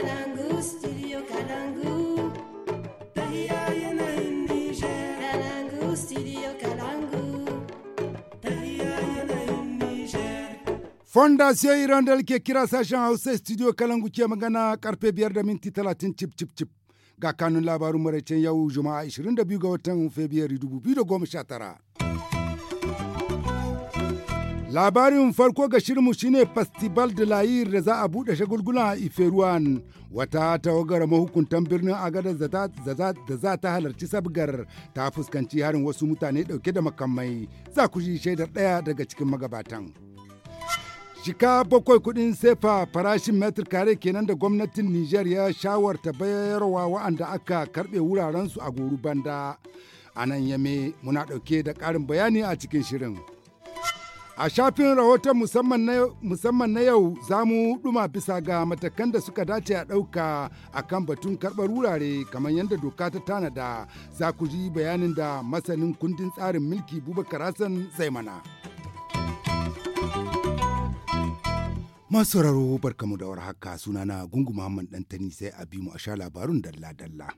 Kalangu, studio Fondation Hirondelle ke kira sashen Hausa studio Kalangu ke magana karfe biyar da minti talatin cip cip cip. Ga kanun labarun maraicen yau Juma'a 22 ga watan Fabrairu 2019. Labarin farko ga shirinmu shine Festival de Layir da za a buɗe shagulgula a Iferuwan wata tawagar mahukuntan birnin Agadar da za ta halarci sabgar ta fuskanci harin wasu mutane ɗauke da makamai za ku shi shaidar ɗaya daga cikin magabatan. Shika bakwai kuɗin sefa farashin metir kare kenan da gwamnatin Nijar ya shawarta bayarwa wa'anda aka karɓe wurarensu a goru banda. A nan yame muna ɗauke da ƙarin bayani a cikin shirin. A shafin rahoton musamman na yau za mu ɗuma bisa ga matakan da suka dace a ɗauka a kan batun karɓar wurare kamar yadda doka ta tanada za ku ji bayanin da masanin kundin tsarin mulki Bubakar Hassan Zaimana. Masu sauraro barkamu da warhaka sunana Gungu Muhammad ɗantani sai a bi mu a sha labarun dalla-dalla.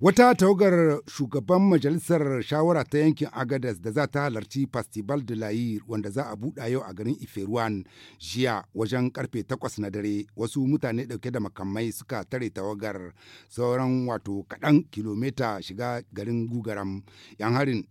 Wata tawagar shugaban majalisar shawara ta yankin Agadas da za ta halarci Festival de Lair wanda za a buɗa yau a garin Iferuwan jiya wajen karfe takwas na dare wasu mutane ɗauke da makamai suka tare tawagar sauran wato kaɗan kilomita shiga garin Gugaram. 'Yan harin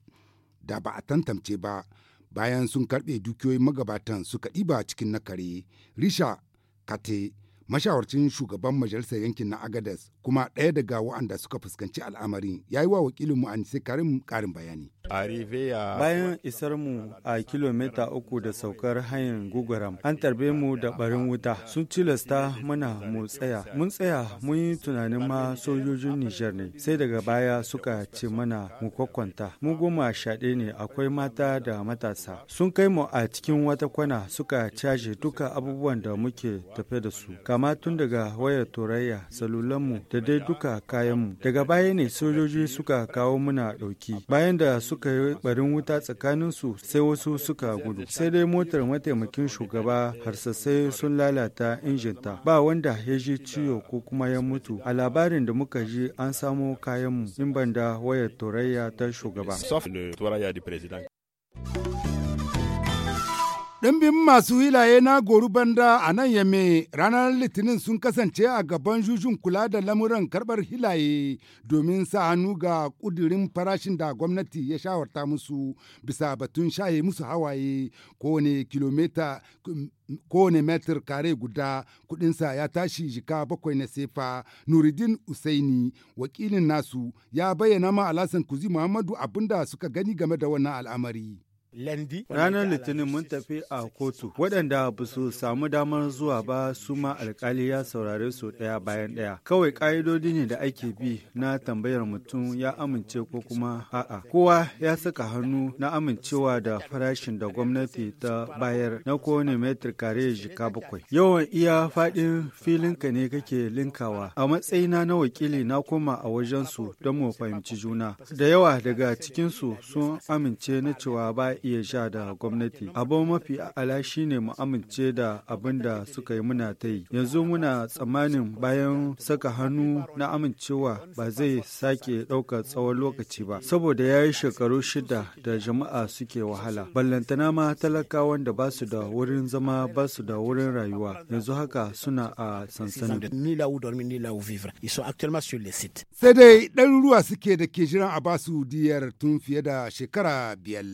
da ba a tantance ba bayan sun karɓe dukiyoyin magabatan suka ɗiba cikin na kare. Risha Kate mashawarcin shugaban majalisar yankin na agadas kuma ɗaya daga wa'anda suka fuskanci al'amarin ya yi wa wakilinmu anise karim karin bayani Bayan isar mu a kilomita uku da saukar hanyar gugaram, an tarbe mu da barin wuta sun tilasta mana mu tsaya. Mun tsaya mun yi tunanin ma sojojin Nijar ne, sai daga baya suka ce mana mu kwakwanta. Mu goma shaɗe ne akwai mata da matasa. Sun kai mu a cikin wata kwana suka caje duka abubuwan da muke tafe da su. Kama tun daga wayar turayya, mu da dai duka kayanmu. Daga baya ne sojoji suka kawo muna ɗauki. Bayan da suka suka yi barin wuta tsakaninsu sai wasu suka gudu. Sai dai motar mataimakin shugaba harsassai sun lalata injinta. Ba wanda ya ji ciwo ko kuma ya mutu. A labarin da muka ji an samo kayanmu in banda wayar turayya ta shugaba. Ɗimbin masu hilaye na Goru banda a nan yame ranar litinin sun kasance a gaban jujun kula da lamuran karɓar hilaye domin sa hannu ga ƙudurin farashin da gwamnati ya shawarta musu bisa batun shaye musu hawaye kowane kilomita kowane metar kare guda kuɗinsa ya tashi jika bakwai na sefa nuruddin usaini wakilin nasu ya bayyana ma alasan kuzi muhammadu abinda suka gani game da wannan al'amari. Lendi. Ranar Litinin mun tafi a kotu. Waɗanda ba su samu damar zuwa ba su ma alkali ya saurare su ɗaya bayan ɗaya. Kawai ƙa'idodi ne da ake bi na tambayar mutum ya amince ko kuma a'a. Kowa ya saka hannu na amincewa da farashin da gwamnati ta bayar na kowane metir kare jika bakwai. Yawan iya faɗin filinka ne kake linkawa. A matsayina na wakili na koma a wajen su don mu fahimci juna. Da yawa daga cikinsu sun amince na cewa ba iya sha da gwamnati abu mafi ala shine mu amince da abin da suka yi muna ta yi yanzu muna tsammanin bayan saka hannu na amincewa ba zai sake ɗauka tsawon lokaci ba saboda ya yi shekaru shida da jama'a suke wahala ballantana ma talaka wanda ba su da wurin zama ba su da wurin rayuwa yanzu haka suna a sansanin sai dai ɗaruruwa suke da ke jiran a basu diyar tun fiye da shekara biyar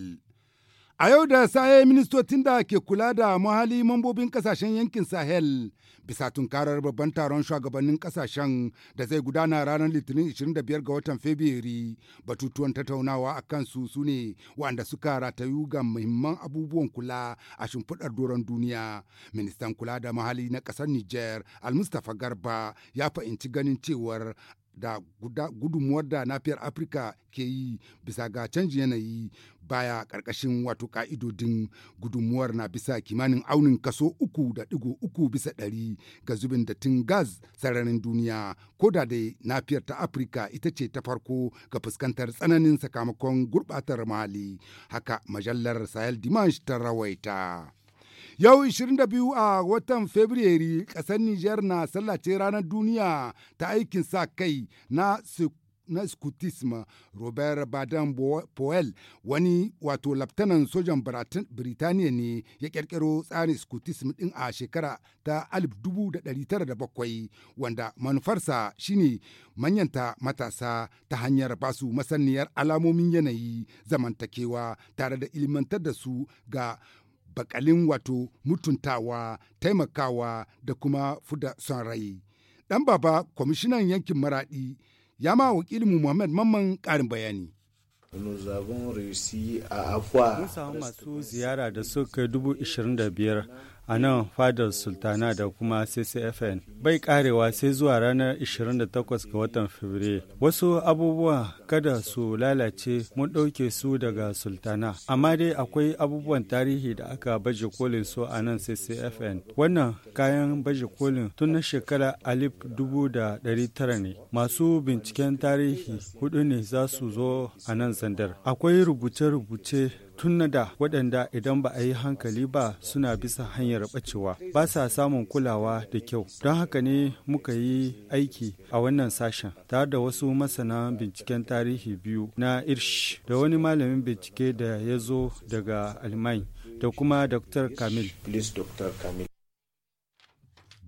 A yau da sa'ayi ministocin da ke kula da muhalli mambobin kasashen yankin Sahel bisa tunkarar babban taron shugabannin kasashen da zai gudana ranar Litinin 25 ga watan Fabrairu batutuwan tattaunawa a kansu su ne wanda suka ratayu ga muhimman abubuwan kula a shimfiɗar doron duniya. Ministan kula da muhalli na ƙasar Nijar Al-Mustapha Garba ya fahimci ganin cewar da gudunmuwar da nafiyar afirka ke yi bisa ga canji yanayi baya karkashin wato ka'idodin gudunmuwar na bisa kimanin aunin kaso uku da digo uku bisa ɗari ga zubin datin gas sararin duniya ko da dai nafiyar ta afirka ita ce ta farko ga fuskantar tsananin sakamakon gurɓatar mali haka majallar sahel dimanche ta rawaita. Yau 22 a watan Fabrairu ƙasar Nijar na sallace ranar duniya ta aikin sa kai na na scutisme robert baden powell wani wato laftanan sojan birtaniya ne ya kirkiro tsarin scutisme din a shekara ta 1907 wanda manufarsa shine manyanta matasa ta hanyar basu masaniyar alamomin yanayi zamantakewa tare da ilimantar da su ga bakalin wato mutuntawa taimakawa da kuma fuda son rai dan baba kwamishinan yankin maradi ya ma mu muhammad mamman karin bayani Mun samu masu ziyara da suka dubu ishirin biyar a nan fadar sultana da kuma ccfn bai karewa sai zuwa ranar 28 ga watan fabrairu wasu abubuwa kada su lalace mun ɗauke su daga sultana amma dai akwai abubuwan tarihi da aka baje kolin su a nan ccfn wannan kayan baje kolin tun na shekara alif dubu da ɗari tara ne masu binciken tarihi hudu ne za su zo a nan zandar akwai rubuce-rubuce tun da waɗanda idan ba a yi hankali ba suna bisa hanyar bacewa ba sa samun kulawa da kyau don haka ne muka yi aiki a wannan sashen ta da wasu masana binciken tarihi biyu na irsh da wani malamin bincike da ya zo daga alman da kuma dr kamil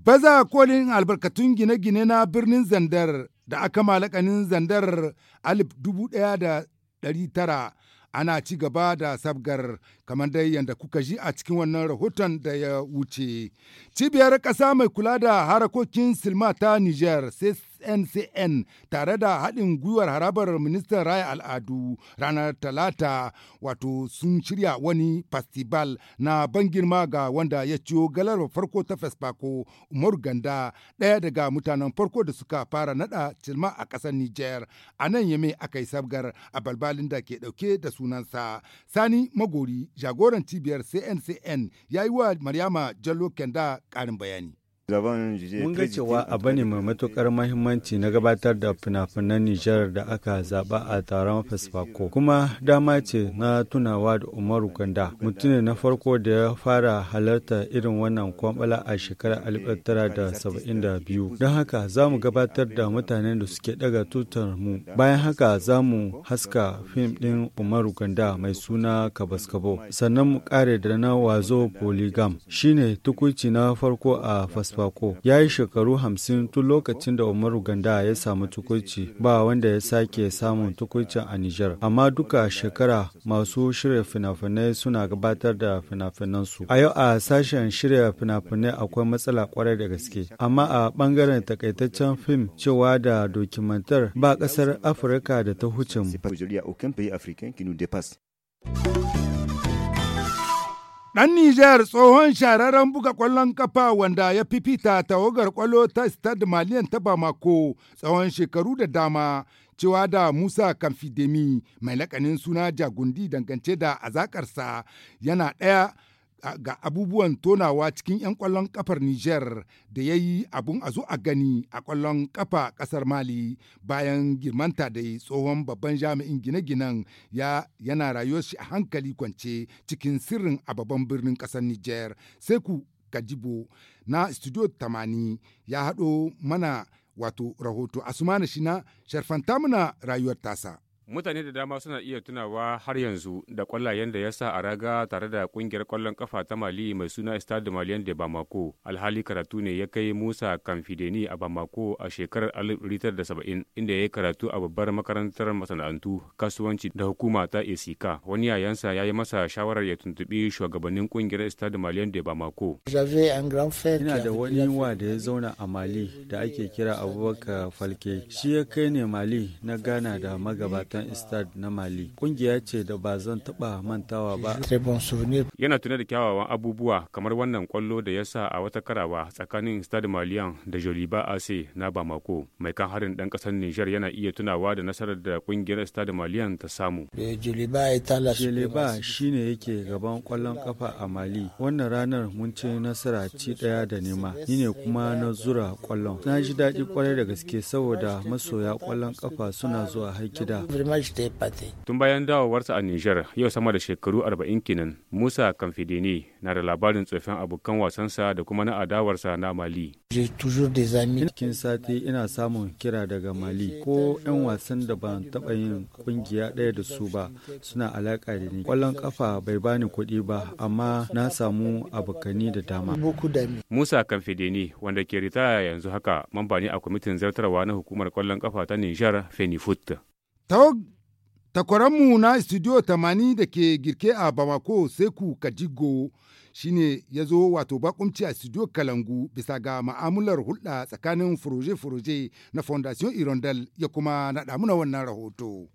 baza kolin albarkatun gine-gine na birnin zandar da aka malakanin zandar 1900 ana ci gaba da sabgar kamar dai yadda kuka ji a cikin wannan rahoton da ya wuce cibiyar ƙasa mai kula da harakokin silma ta niger SNCN tare da haɗin gwiwar harabar ministan raya al'adu ranar talata wato sun shirya wani festival na ban girma ga wanda ya ciyo galar farko ta fesfako Umar Ganda ɗaya daga mutanen farko da suka fara nada cilma a ƙasar niger a nan ya mai aka yi sabgar a balbalin da ke ɗauke da sunansa. Sani Magori jagoran cibiyar CNCN ya yi wa Maryama Jallo Kenda ƙarin bayani. Mun ga cewa abu ne mai matukar mahimmanci na gabatar da fina-finan Nijar da aka zaba a taron Fasfako. Kuma dama ce na tunawa da Umaru Kanda, mutum na farko da ya fara halarta irin wannan kwambala a shekarar 1972. Don haka za mu gabatar da mutanen da suke daga tutar mu. Bayan haka za mu haska fim ɗin Umaru Kanda mai suna Kabaskabo. Sannan mu kare da na wazo Polygam. Shine tukuci na farko a Fasfako. Isfako ya yi shekaru hamsin tun lokacin da Umaru Ganda ya samu tukurci ba wanda ya sake samun tukuicin a Nijar. Amma duka shekara masu shirya fina suna gabatar da fina su A yau a sashen shirya finafinai akwai matsala kwarai da gaske. Amma a ɓangaren takaitaccen fim cewa da dokumantar ba kasar Afirka da ta huce mu. Ɗan Nijar tsohon shararren buga ƙwallon kafa wanda ya fifita tawagar ƙwallo ta Stad Maliyan ta Bamako tsawon shekaru da dama cewa da Musa Kamfidemi mai lakanin suna Jagundi dangance da azakarsa yana ɗaya ga abubuwan tonawa cikin 'yan kwallon kafar Nijar da ya yi abun a zo a gani a kwallon kafa kasar Mali bayan girmanta da tsohon babban jami'in gine-ginen ya yana rayuwar shi a hankali kwance cikin sirrin a babban birnin kasar Nijar. Sai ku Kajibo na Studio 80 ya haɗo mana wato rahoto shi na sharfanta mana rayuwar tasa. Mutane da dama suna iya tunawa har yanzu da kwallayen da ya sa a raga tare da ƙungiyar kwallon kafa ta Mali mai suna Stade Malien de Bamako. Alhali karatu ne ya kai Musa Kamfideni a Bamako a shekarar 1970 inda ya yi karatu a babbar makarantar masana'antu, kasuwanci da hukuma ta Esika. Wani yayansa ya yi masa shawarar ya tuntubi shugabannin ƙungiyar Stade Malien de Bamako. Ina da wani wa da ya zauna a Mali da ake kira Abubakar Falke. Shi ya kai ne Mali na Ghana da magabata ma'aikatan Istad na Mali. Kungiya ce da ba zan taɓa mantawa ba. Yana tuna da kyawawan abubuwa kamar wannan kwallo da ya sa a wata karawa tsakanin Stade Malian da Joliba Ase na Bamako. Mai kan harin dan kasar niger yana iya tunawa da nasarar da kungiyar Stade Malian ta samu. Eh, Joliba shine yake gaban kwallon kafa a Mali. Wannan ranar mun ci nasara ci daya da nema. Ni ne kuma na zura kwallon. Na ji daɗi kwarai da gaske saboda masoya kwallon kafa suna zuwa haikida. mashi ta yi Tun bayan dawowarsa a Nijar yau sama da shekaru arba'in kenan Musa Kamfideni na da labarin tsofin abokan wasansa da kuma na adawarsa na Mali. Cikin sati ina samun kira daga Mali ko 'yan wasan da ban taɓa yin ƙungiya ɗaya da su ba suna alaƙa da ni. Ƙwallon kafa bai bani kuɗi ba amma na samu abokani da dama. Musa Kamfideni wanda ke ritaya yanzu haka mamba ne a kwamitin zartarwa na hukumar ƙwallon ƙafa ta Nijar Fenifut. mu na Studio 80 da ke girke a Bamako sai ku Kajigo shi ne ya zo wato bakunci a Studio Kalangu bisa ga ma'amular hulɗa tsakanin furoje-furoje na Fondation Irondel ya kuma naɗa muna wannan rahoto.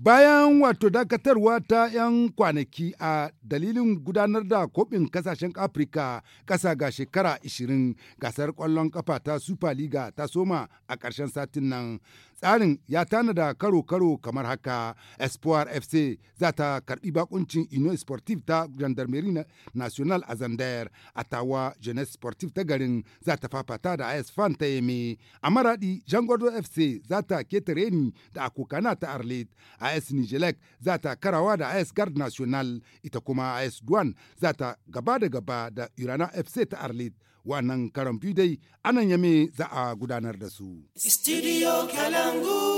Bayan wato dakatarwa ta 'yan kwanaki a dalilin gudanar da kobin kasashen Afirka ƙasa ga shekara 20 gasar ƙwallon kafa ta Super League ta soma a ƙarshen satin nan Tsarin ya tanada karo-karo kamar haka Espoir FC za ta karɓi bakuncin Union Sportive ta Gendarmerie National a Zandayar, Atawa Jeunesse Sportive ta garin za ta fafata da AS Fan ta Yeme. A Maradi, Jangwado FC za ta ketare ni da Akokana ta arlet AS nigelec za ta karawa da AS Guard National, ita kuma AS Duan za ta gaba da gaba da Irana FC ta arlet wannan karan biyu dai anan yame za a gudanar da su. Studio Kalangu.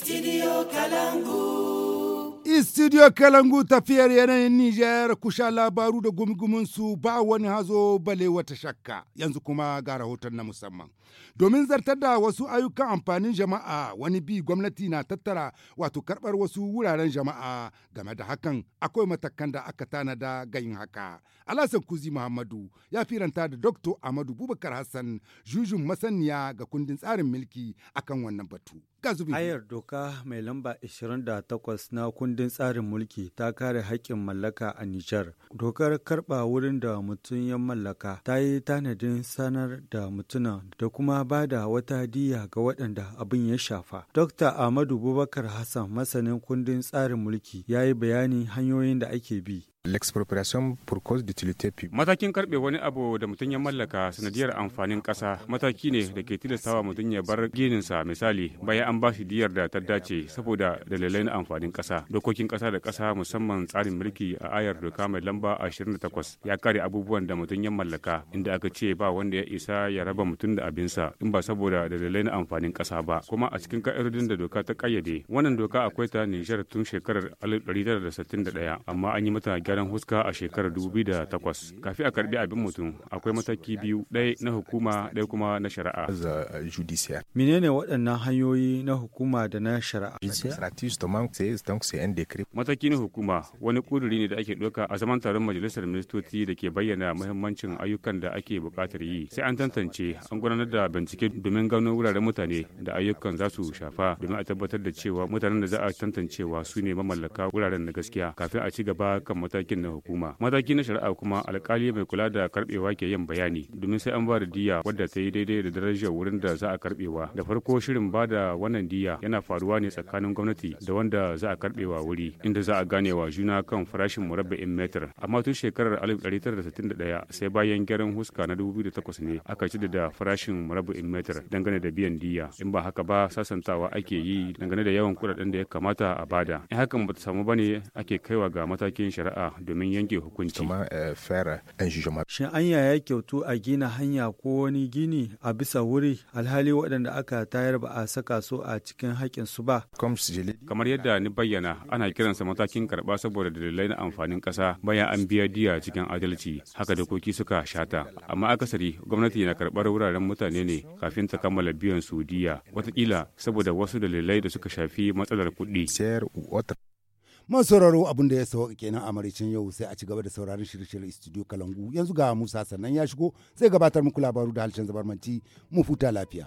Studio Kalangu. Studio Kalangu tafiyar yanayin Nijar kusha labaru da gumgumunsu ba wani hazo bale wata shakka yanzu kuma ga rahoton na musamman. Domin zartar da wasu ayyukan amfanin jama'a wani bi gwamnati na tattara wato karɓar wasu wuraren jama'a game da hakan akwai matakan da aka tanada ga yin haka. alasan Kuzi Muhammadu ya firanta da Dr. Amadu Bubakar Hassan jujun masaniya ga kundin tsarin mulki akan wannan batu. ga zubi. Ayar doka mai lamba 28 na kundin tsarin mulki ta kare haƙƙin mallaka a Nijar. Dokar karɓa wurin da mutum ya mallaka ta yi tanadin sanar da mutuna da kuma ba da wata diya ga waɗanda abin ya shafa. Dr. Ahmadu Bubakar Hassan masanin kundin tsarin mulki ya yi bayani hanyoyin da ake bi. l'expropriation pour cause d'utilité publique. Matakin karbe wani abu da mutum ya mallaka sanadiyar amfanin ƙasa mataki ne da ke tilastawa mutum ya bar gininsa misali bayan an bashi diyar da ta dace saboda dalilai na amfanin ƙasa Dokokin ƙasa da ƙasa musamman tsarin mulki a ayar doka mai lamba 28 ya kare abubuwan da mutum ya mallaka inda aka ce ba wanda ya isa ya raba mutum da abinsa in ba saboda dalilai na amfanin ƙasa ba kuma a cikin ka'idodin da doka ta kayyade wannan doka akwai ta Nijar tun shekarar 1961 amma an yi mata gyaran huska a shekarar 2008 kafin a karbi abin mutum akwai mataki biyu ɗaya na hukuma ɗaya kuma na shari'a menene waɗannan hanyoyi na hukuma da na shari'a mataki na hukuma wani ƙuduri ne da ake ɗauka a zaman taron majalisar ministoci da ke bayyana muhimmancin ayyukan da ake buƙatar yi sai an tantance an gudanar da bincike domin gano wuraren mutane da ayyukan za su shafa domin a tabbatar da cewa mutanen da za a tantancewa su ne mamallaka wuraren na gaskiya kafin a ci gaba kan mataki matakin na hukuma mataki na shari'a kuma alkali mai kula da karbewa ke yin bayani domin sai an ba da diya wadda ta yi daidai da darajar wurin da za a karbewa da farko shirin ba da wannan diya yana faruwa ne tsakanin gwamnati da wanda za a karbewa wuri inda za a gane wa juna kan farashin murabba'in metar amma tun shekarar 1961 sai bayan gyaran huska na 2008 ne aka ci da farashin murabba'in metar dangane da biyan diya in ba haka ba sasantawa ake yi dangane da yawan kudaden da ya kamata a bada in hakan ba ta samu bane ake kaiwa ga matakin shari'a domin yanke hukunci. Eh, Shin an ya kyautu a gina hanya ko wani gini a bisa wuri alhali waɗanda aka tayar ba a saka su a cikin haƙƙin su ba. Kamar yadda ni bayyana ana kiransa matakin karɓa saboda dalilai na amfanin ƙasa bayan an biya diya cikin adalci haka dokoki suka shata. Amma akasari gwamnati na karɓar wuraren mutane ne kafin ta kammala biyan su diya watakila saboda wasu dalilai da suka shafi matsalar kuɗi. Man sauraro abin da ya sauka kenan a maraicin yau sai a ci gaba da sauraron shirye-shiryen studio Kalangu yanzu ga Musa sannan ya shigo sai gabatar muku labaru da halshen zabarmanci mu futa lafiya.